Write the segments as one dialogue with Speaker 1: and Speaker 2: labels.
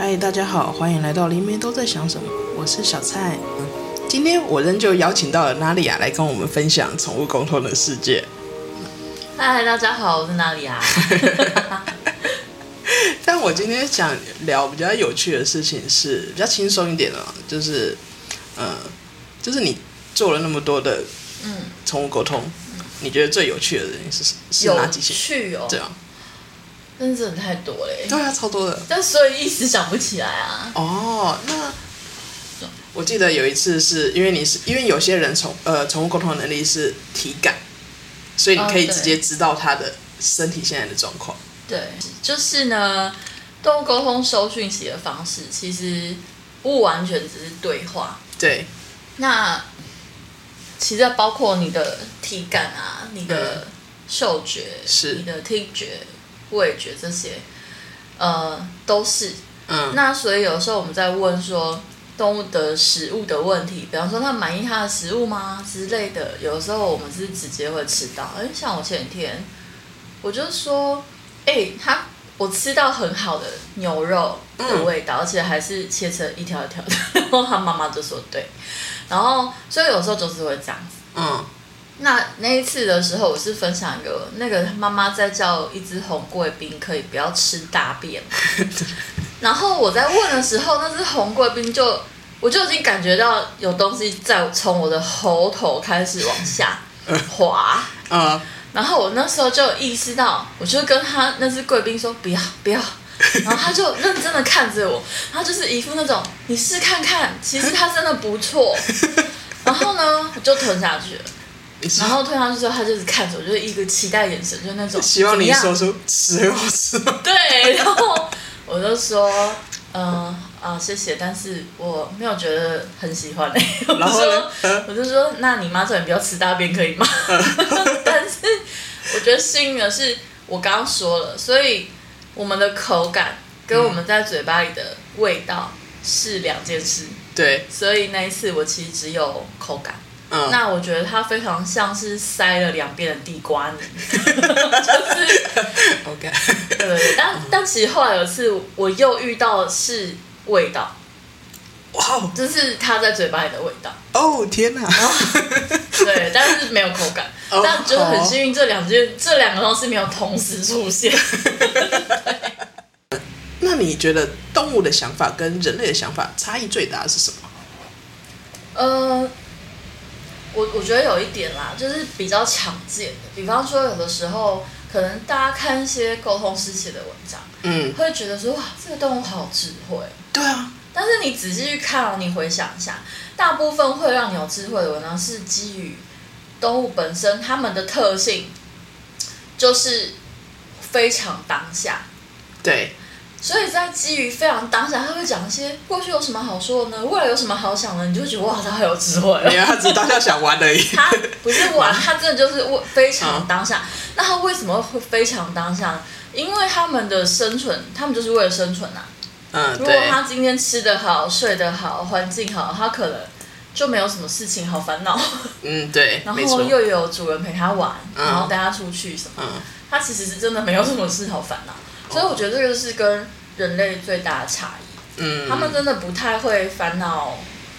Speaker 1: 嗨，大家好，歡迎來到《黎明都在想什麼》，我是小蔡、嗯。今天我仍舊邀請到了娜莉雅來跟我們分享寵物溝通的世界。
Speaker 2: 嗨，大家好，我是娜莉雅。
Speaker 1: 但我今天想聊比較有趣的事情是，是比較輕鬆一點的、喔，就是，嗯、呃，就是你做了那麼多的，
Speaker 2: 嗯，
Speaker 1: 寵物溝通、嗯，你覺得最有趣的人是是哪幾些有趣哦。對啊、喔。
Speaker 2: 真的太多了耶，對啊，超多的。但所以一時想不起來啊。
Speaker 1: 哦，那我記得有一次是因為你是因為有些人寵呃寵物溝通能力是體感，所以你可以直接知道他的身體現在的狀況。哦，
Speaker 2: 對，就是呢，動物溝通收訊息的方式其實不完全只是對話。對，那其實包括你的體感啊，你的嗅覺，嗯、是你的聽覺。味覺這些，呃，都是，嗯。那所以有時候我們在問說動物的食物的問題，比方說它滿意它的食物嗎之類的，有的時候我們是直接會吃到。哎，像我前幾天，我就說，哎，他我吃到很好的牛肉的味道，嗯，而且還是切成一條一條的。然 後他媽媽就說對，然後所以有時候就是會這樣子，嗯。那那一次的時候，我是分享一個那個媽媽在叫一隻紅貴賓，可以不要吃大便。然後我在問的時候，那隻紅貴賓就，我就已經感覺到有東西在從我的喉頭開始往下滑。嗯。然後我那時候就意識到，我就跟他那隻貴賓說不要不要。然後他就認真的看着我，他就是一副那種你試看看，其實它真的不錯。然後呢，我就吞下去了。然後推上去之後，他就是看着我，就是一個期待眼神，就是那種希望你說出吃不吃。對，然後我就說，嗯、 呃、啊，謝謝，但是我沒有覺得很喜歡、欸。然後我就說，嗯、那你媽這天不要吃大便可以嗎？嗯、 但是我覺得幸運的是，我剛剛說了，所以我們的口感跟我們在嘴巴裡的味道是兩件事。嗯、對，所以那一次我其實只有口感。Uh. 那我覺得它非常像是塞了兩邊的地瓜 就是 o、okay. 對、嗯、但但其實後來有次我又遇到是味道，哇、wow.，就是它在嘴巴裡的味道。哦、oh, 天哪！Oh. 對，但是沒有口感。Oh, 但就很幸運，這兩件這兩個東西、oh. 沒有同時出現 。
Speaker 1: 那你覺得動物的想法跟人類的想法差異最大是什麼？呃、
Speaker 2: uh,。我我覺得有一點啦，就是比較常見的，比方說有的時候，可能大家看一些溝通師寫的文章，嗯，會覺得說哇，這個動物好智慧，對啊。但是你仔細去看啊，你回想一下，大部分會讓你有智慧的文章是基於動物本身它們的特性，就是非常當下，
Speaker 1: 對。
Speaker 2: 所以，在基於非常當下，他會講一些過去有什麼好說的呢？未來有什麼好想的？你就覺得哇，他好有智慧了。沒有，他
Speaker 1: 只當下想玩而已。 他
Speaker 2: 不是玩，玩，他真的就是為非常當下、嗯。那他為什麼會非常當下？因為他們的生存，他們就是為了生存吶、啊。嗯，如果他今天吃得好、睡得好、環境好，他可能就沒有什麼事情好煩惱。嗯，對。 然後又有主人陪他玩，嗯、然後帶他出去什麼、嗯，他其實是真的沒有什麼事好煩惱。所以我覺得這個是跟人類最大的差異。嗯。
Speaker 1: 他們真
Speaker 2: 的不太會煩惱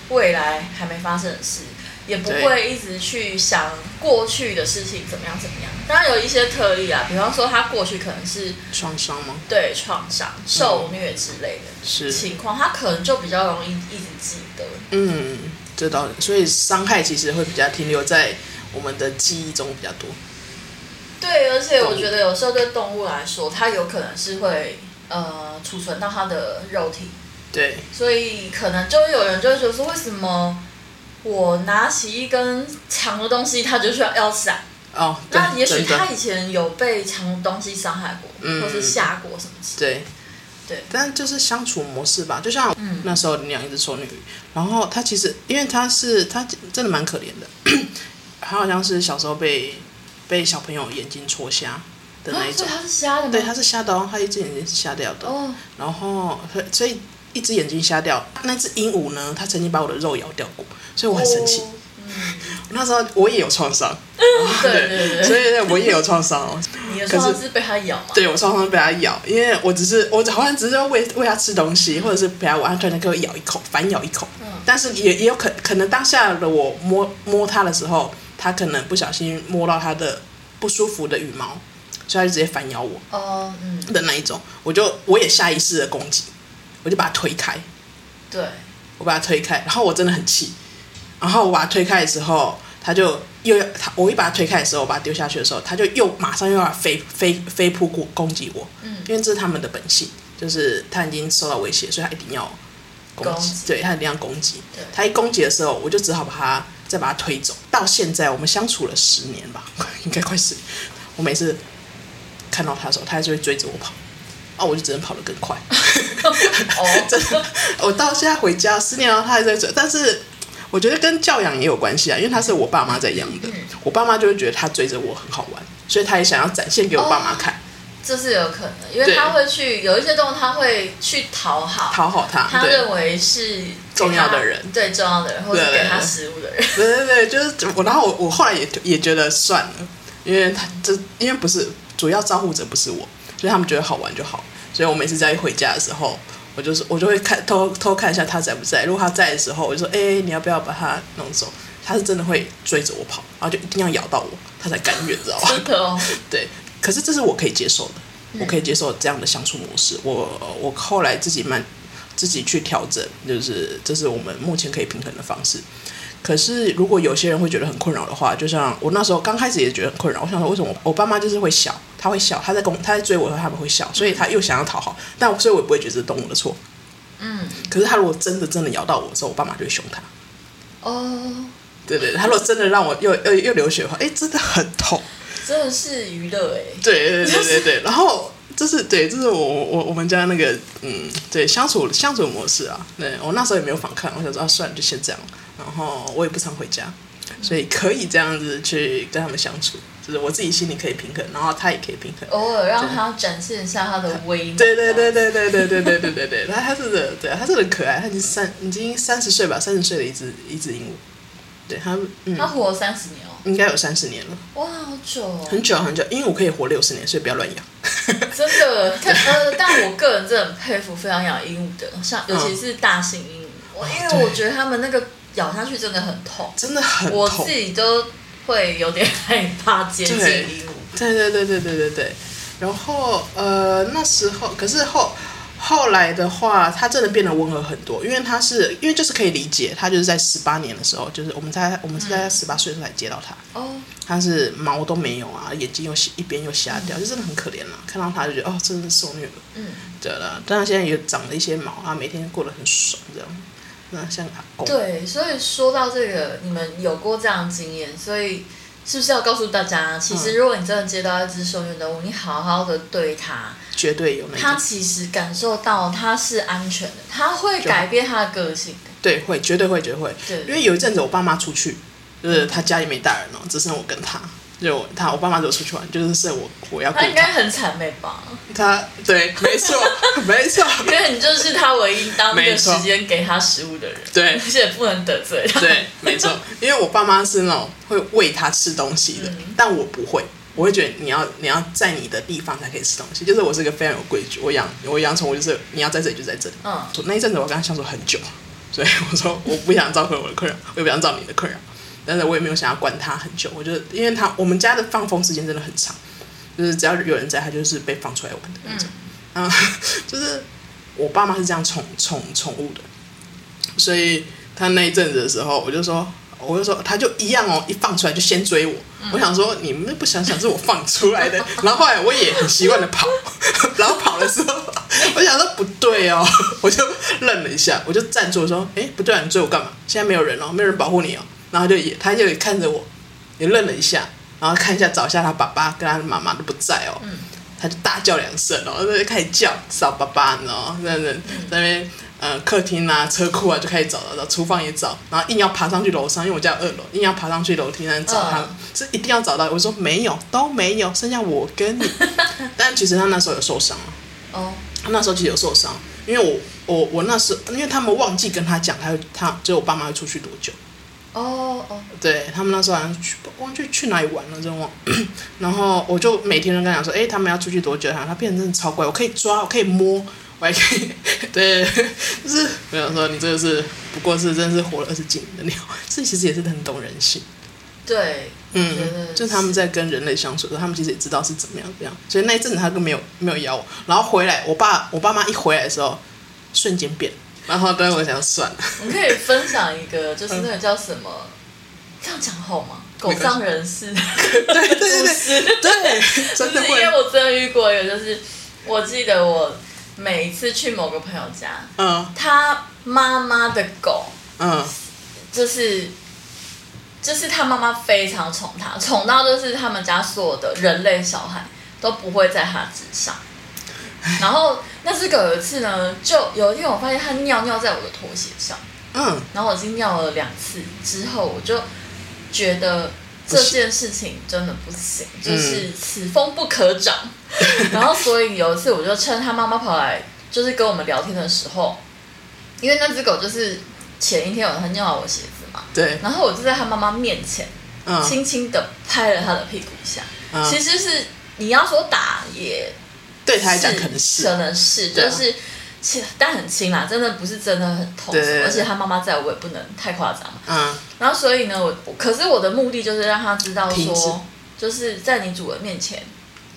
Speaker 2: 未來還沒發生的事，也不會一直去想過去的事情怎麼樣怎麼樣。當然有一些特例啦，比方說他過去可能是創傷嗎？對，創傷、受虐之類的情、嗯、是情況，他可能就比較容易一直記得。
Speaker 1: 嗯，這道理，所以傷害其實會比較停留在我們的記憶中比較多。
Speaker 2: 對，而且我覺得有時候對動物來說，它有可能是會呃儲存到它的肉體。對，所以可能就有人就會覺得說，為什麼我拿起一根長的東西，它就需要要閃哦、
Speaker 1: oh？那也許它以
Speaker 2: 前有被長的東西傷害過，嗯、或是嚇過什麼？
Speaker 1: 對對、對，但就是相處模式吧。就像、嗯、那時候你養一隻醜女然後它其實因為它是它真的蠻可憐的，它 好像是小時候被。被小朋友眼睛戳瞎的那一種，啊、所以是瞎的嗎？對，它是瞎的，它一只眼睛是瞎掉的。嗯、然後所以一只眼睛瞎掉。那只鸚鵡呢？它曾經把我的肉咬掉過，所以我很生氣。哦、嗯、 那時候我也有創傷、嗯，
Speaker 2: 對，對對對對，所以我也有
Speaker 1: 創傷。 你的創傷是
Speaker 2: 被它咬嗎？
Speaker 1: 對，我創傷被它咬，因為我只是我好像只是要餵餵它吃東西，或者是陪它玩，它突然給我咬一口，反咬一口。嗯、但是也也有可能，可能當下的我摸摸它的時候。他可能不小心摸到他的不舒服的羽毛，所以他就直接反咬我
Speaker 2: 哦、oh, 嗯，嗯的
Speaker 1: 那一種，我就我也下意識的攻擊，我就把他推開，對，我把他推開，然後我真的很氣，然後我把他推開的時候，他就又要他我一把他推開的時候，我把他丟下去的時候，他就又馬上又要飛飛飛撲過攻擊我，嗯，因為這是他們的本性，就是他已經受到威脅，所以他一定要攻擊，對，他一定要攻擊，他一攻擊的時候，我就只好把他。再把它推走。到現在，我們相處了十年吧，應該快十年。我每次看到他的時候，他就會追着我跑、哦。我就只能跑得更快。哦，真的。我到現在回家十年了，他還在追。但是我覺得跟教養也有關係啊，因為他是我爸媽在養的、嗯。我爸媽就會覺得他追着我很好玩，所以他也想要展現給我爸媽看。Oh.
Speaker 2: 這是有可能，因為他會去有一些東西，他會去討好，
Speaker 1: 討好他。他認為是重要的人，
Speaker 2: 最重要的人，或者
Speaker 1: 給他食物的人，對對對，就是我。然後我我後來也也覺得算了，因為他這因為不是主要照顧者不是我，所以他們覺得好玩就好。所以我每次在一回家的時候，我就是我就會看偷偷看一下他在不在。如果他在的時候，我就說：“哎、欸，你要不要把它弄走？”他是真的會追着我跑，然後就一定要咬到我，他才甘願，知道吧？對，可是這是我可以接受的，我可以接受這樣的相處模式。嗯、我我後來自己蠻。自己去調整，就是這是我們目前可以平衡的方式。可是，如果有些人會覺得很困擾的話，就像我那時候剛開始也覺得很困擾。我想說，為什麼我，我爸媽就是會笑？他會笑，他在公他在追我的時候他們會笑，所以他又想要討好。但所以我也不會覺得是動物的錯。嗯。
Speaker 2: 可
Speaker 1: 是他如果真的真的咬到我的時候，我爸媽就會凶他。哦。
Speaker 2: 對，
Speaker 1: 對對，他如果真的讓我又又又流血的話，哎、欸，真的很痛。
Speaker 2: 真的是娛樂哎。
Speaker 1: 對對對對對，然後，就是對，這是我我我們家那個嗯，對相處相處模式啊。對，我那時候也沒有反抗，我想說啊，算了，就先這樣。然後我也不常回家，
Speaker 2: 所以可以
Speaker 1: 這樣子去跟他們相處，就是我自己心裡可以平衡，然後他也可以平衡。偶、
Speaker 2: 哦、爾讓，讓他展現一下他
Speaker 1: 的威。他，對對對對對對對對對對，他他是個，對，他是很可愛。他已經三已經三十歲吧，三十歲的一只一隻鸚鵡。對他、嗯，他活了
Speaker 2: 三十年
Speaker 1: 哦，應該有三十年
Speaker 2: 了。哇，好久哦。很久
Speaker 1: 很久，鸚鵡可以活六十年，所以不要亂養。
Speaker 2: 真的但、啊呃，但我個人真的很佩服非常養鸚鵡的，像尤其是大型鸚鵡，嗯、因為我覺得他們那個咬下去真的很痛，真的很痛，我自己都會有點害怕接近鸚鵡，對。
Speaker 1: 對對對對對對對，然後呃那時候可是後。後來的話，它真的變得溫和很多，因為它是因為就是可以理解，它就是在十八年的時候，就是我們在我們是在十八歲時的候才接到它，哦、嗯，它是毛都沒有啊，眼睛又一邊又瞎掉，嗯，就真的很可憐了，啊。看到它就覺得哦，真的是受虐了，嗯，對了，但它現在也長了一些毛啊，每天過得很爽，這樣，那像它、哦、對，
Speaker 2: 所以說到這個，你們有過這樣的經驗，所以。是不是要告訴大家？其實，如果你真的接到一隻受虐的動物，嗯，你好好的對它，
Speaker 1: 絕對有，它
Speaker 2: 其實感受到它是安全的，它會改變它的個性，
Speaker 1: 對，會，絕對會，絕對會。對。因為有一陣子我爸媽出去，就是他家裡沒大人哦，嗯，只剩我跟他。就他，我爸媽就出去玩，就是剩我，我要顧他。他應
Speaker 2: 該很慘，沒吧？他
Speaker 1: 對，沒錯， 沒錯。因
Speaker 2: 為你就是他唯一當沒時間給他食物的人，對，而且不能得罪他。對，沒錯。
Speaker 1: 因為我爸媽是那種會餵他吃東西的，嗯、但我不會。我會覺得你要你要在你的地方才可以吃東西。就是我是一個非常有規矩，我養我養寵物就是你要在這裡就在這裡。嗯。那一陣子我跟他相處很久，所以我說我不想照顧我的客人，我也不想照顧你的客人。但是我也沒有想要管它很久，我就因為它我們家的放風時間真的很長，就是只要有人在，它就是被放出來玩的那種。嗯，啊、就是我爸媽是這樣寵寵寵物的，所以他那一陣子的時候，我就說，我就說他就一樣哦，一放出來就先追我。嗯、我想說你們不想想是我放出來的， 然後後來我也很習慣的跑， 然後跑的時候，我想說不對哦，我就愣了一下，我就站住說，誒，不對啊，你追我幹嘛？現在沒有人哦，沒有人保護你哦。然後就也他就也看着我，也愣了一下，然後看一下，找一下他爸爸跟他媽媽都不在哦。嗯、他就大叫兩聲哦，他就開始叫找爸爸，然後在在那邊、嗯呃、客廳啊車庫啊就開始找了找，廚房也找，然後硬要爬上去樓上，因為我家有二樓，硬要爬上去樓梯後找他，嗯，是一定要找到。我說沒有都沒有，剩下我跟你， 但其實他那時候有受傷哦，他那時候其實有受傷，因為我我我那時候因為他們忘記跟他講，他會他就我爸媽會出去多久。哦、oh, 哦、oh。對他們那時候好像去忘記去哪裡玩了，真忘。 然後我就每天都跟他講說，誒、欸，他們要出去多久、啊？他他變成真的超乖，我可以抓，我可以摸，我還可以。對，就是我想說，你這個是不過是真的是活了二十幾年的鳥， 這其實也是很懂人性。
Speaker 2: 對，嗯，是是就是他們
Speaker 1: 在跟人類相處的時候，他們其實也知道是怎麼樣怎樣。所以那一陣子他都沒有沒有咬我，然後回來，我爸我爸媽一回來的時候，瞬間變。然後突然我想算了。
Speaker 2: 你可以分享一個，就是那個叫什麼？嗯、這樣講好嗎？狗仗人勢。 對對對對對，對，對，對，是對。真的會。因為我真的遇過一個，就是我記得我每一次去某個朋友家，嗯，他媽媽的狗，嗯，就是就是他媽媽非常寵他，寵到就是他們家所有的人類小孩都不會在他之上，然後。那隻狗有一次呢，就有一天我發現它尿尿在我的拖鞋上，嗯，然後我已經尿了兩次之後，我就覺得這件事情真的不行，不行，就是此風不可長，嗯。然後所以有一次我就趁它媽媽跑來，就是跟我們聊天的時候，因為那隻狗就是前一天晚上尿了我鞋子嘛，對，然後我就在它媽媽面前，輕輕的拍了它的屁股一下，嗯，其實是你要說打也。
Speaker 1: 對他來講，是，可能是，可能
Speaker 2: 是，啊、就是輕，但很輕啦，真的不是真的很痛，對對對對，而且他媽媽在我，也不能太誇張。嗯，然後所以呢，我，可是我的目的就是讓他知道說，就是在你主人面前，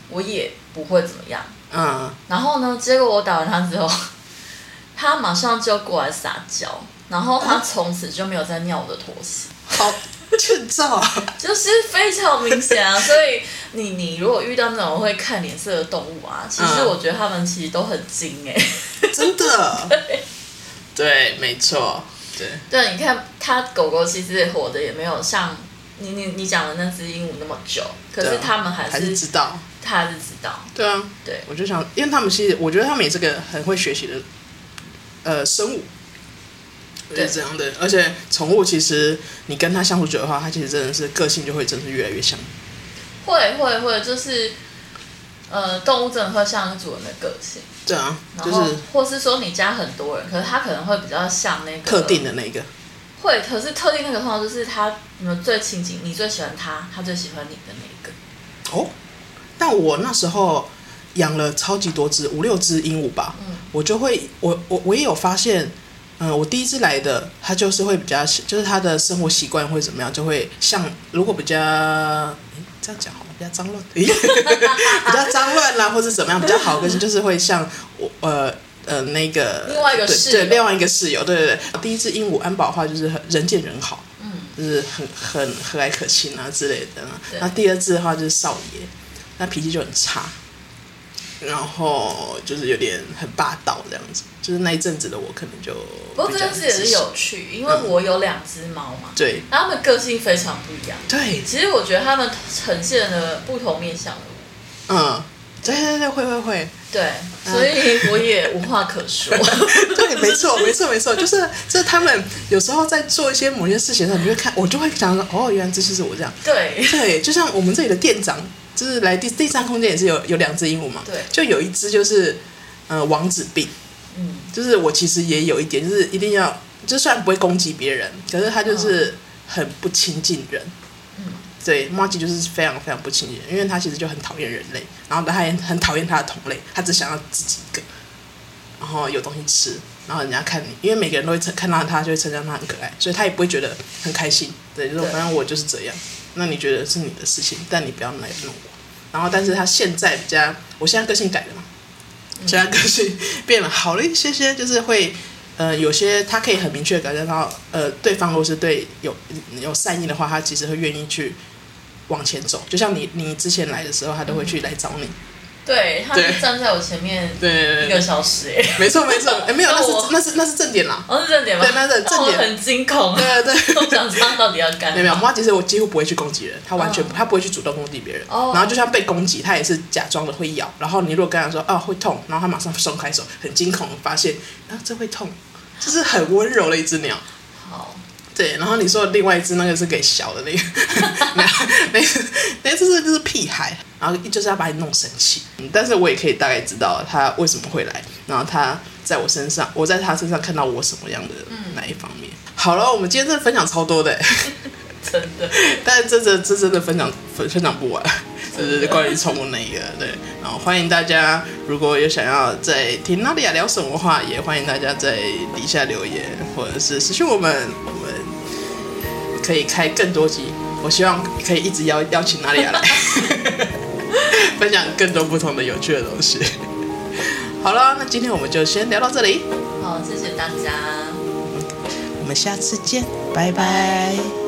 Speaker 2: 我也不會怎麼樣。嗯，然後呢，結果我打完他之後，他馬上就過來撒嬌，然後他從此就沒有再尿我的拖鞋。嗯、 好。很早，就是非常明顯啊！ 所以你你如果遇到那種會看臉色的動物啊，其實我覺得它們其實都很精誒、欸嗯，真的， 對，
Speaker 1: 對，沒錯，對。
Speaker 2: 對，你看它狗狗其實活的也沒有像你你你講的那只鸚鵡那麼久，可是它們還是，還是知道，它是知道。對
Speaker 1: 啊，對，我就想，因為他們其實，我覺得他們也是個很會學習的，呃，生物。對這樣的，而且寵物其實你跟它相處久的話，它其實真的是個性就會真的是越來越像。
Speaker 2: 會會會，就是呃，動物真的會像主人的個性。
Speaker 1: 對啊，然後，就是，
Speaker 2: 或是說你家很多人，可是它可能會比較像那個特定的那個。會，可是特定那個通常就是他，你們最親近、你最喜歡他，他最喜歡你的那
Speaker 1: 個。哦，但我那時候養了超級多只五六只鸚鵡吧，嗯、我就會我我我也有發現。嗯，我第一次來的他就是會比較，就是他的生活習慣會怎麼樣，就會像如果比較，這樣講好了，比較髒亂，誒 比較髒亂啦、啊， 或是怎麼樣，比較好的個性就是會像我呃呃那個另外一個室友對，對另外一個室友，對對對，第一次鸚鵡安保的話就是人見人好，嗯、就是很很和藹可親啊之類的、啊、那第二次的話就是少爺，他脾氣就很差。然後就是有點很霸道這樣子，就是那一陣子的我可能就。
Speaker 2: 不過這件事也是有趣，因為我有兩只貓嘛。對、嗯，它們個性非常不一樣。對，其實我覺得它們呈現了不同面向的我。嗯，對對對，會會會。對，所以我也無話可說。嗯、
Speaker 1: 對，沒錯沒錯沒錯，沒錯，就是就是他們有時候在做一些某件事情的時候，你會看，我就會想說，哦，原來這就是我這樣。對對，就像我們這裡的店長。就是來第第三空間也是有有兩隻鸚鵡嘛，對，就有一隻就是呃王子病，嗯，就是我其實也有一點，就是一定要，就算不會攻擊別人，可是他就是很不親近人，嗯，對，貓吉就是非常非常不親近人，因為他其實就很討厭人類，然後他也很討厭他的同類，他只想要自己一個，然後有東西吃，然後人家看你，因為每個人都會稱看到他就會稱讚他很可愛，所以他也不會覺得很開心，對，就是反正我就是這樣。那你覺得是你的事情，但你不要來弄我。然後，但是他現在比較，我現在個性改了嘛，現在個性變了，好了一些些，就是會呃，有些他可以很明確感覺到，呃，對方如果是對有有善意的話，他其實會願意去往前走。就像你，你之前來的時候，他都會去來找你。
Speaker 2: 對，他站在我前面，對，一個
Speaker 1: 小時沒、欸、錯沒錯，沒，錯誒 沒有，那是那是那是，那是正點啦，哦是
Speaker 2: 正點嗎？對，那是正點，哦、很驚恐、啊，對對對，我想知道他到底要幹嘛？沒有，
Speaker 1: 貓其實我幾乎不會去攻擊人，它完全它不、oh. 不會去主動攻擊別人，oh. 然後就像被攻擊，它也是假裝的會咬，然後你如果跟它說啊會痛，然後它馬上鬆開手，很驚恐的發現啊這會痛，這是很溫柔的一隻鳥。對，然後你說的另外一隻那個是給小的那個， 那那個、那是、個那個、就是屁孩，然後就是要把你弄生氣、嗯，但是我也可以大概知道他為什麼會來，然後他在我身上，我在他身上看到我什麼樣的哪、嗯、一方面。好了，我們今天真的分享超多的， 真的，真的，真的，但是這這這真的分享分享不完，這是關於寵物那一個，對，然後歡迎大家如果有想要在聽娜莉雅聊什麼話，也歡迎大家在底下留言或者是私訊我們。可以開更多集，我希望可以一直邀邀請娜莉雅來 分享更多不同的有趣的東西。好了，那今天我們就先聊到這裡。
Speaker 2: 好，謝謝大家，
Speaker 1: 我們下次見，
Speaker 2: 拜拜。Bye.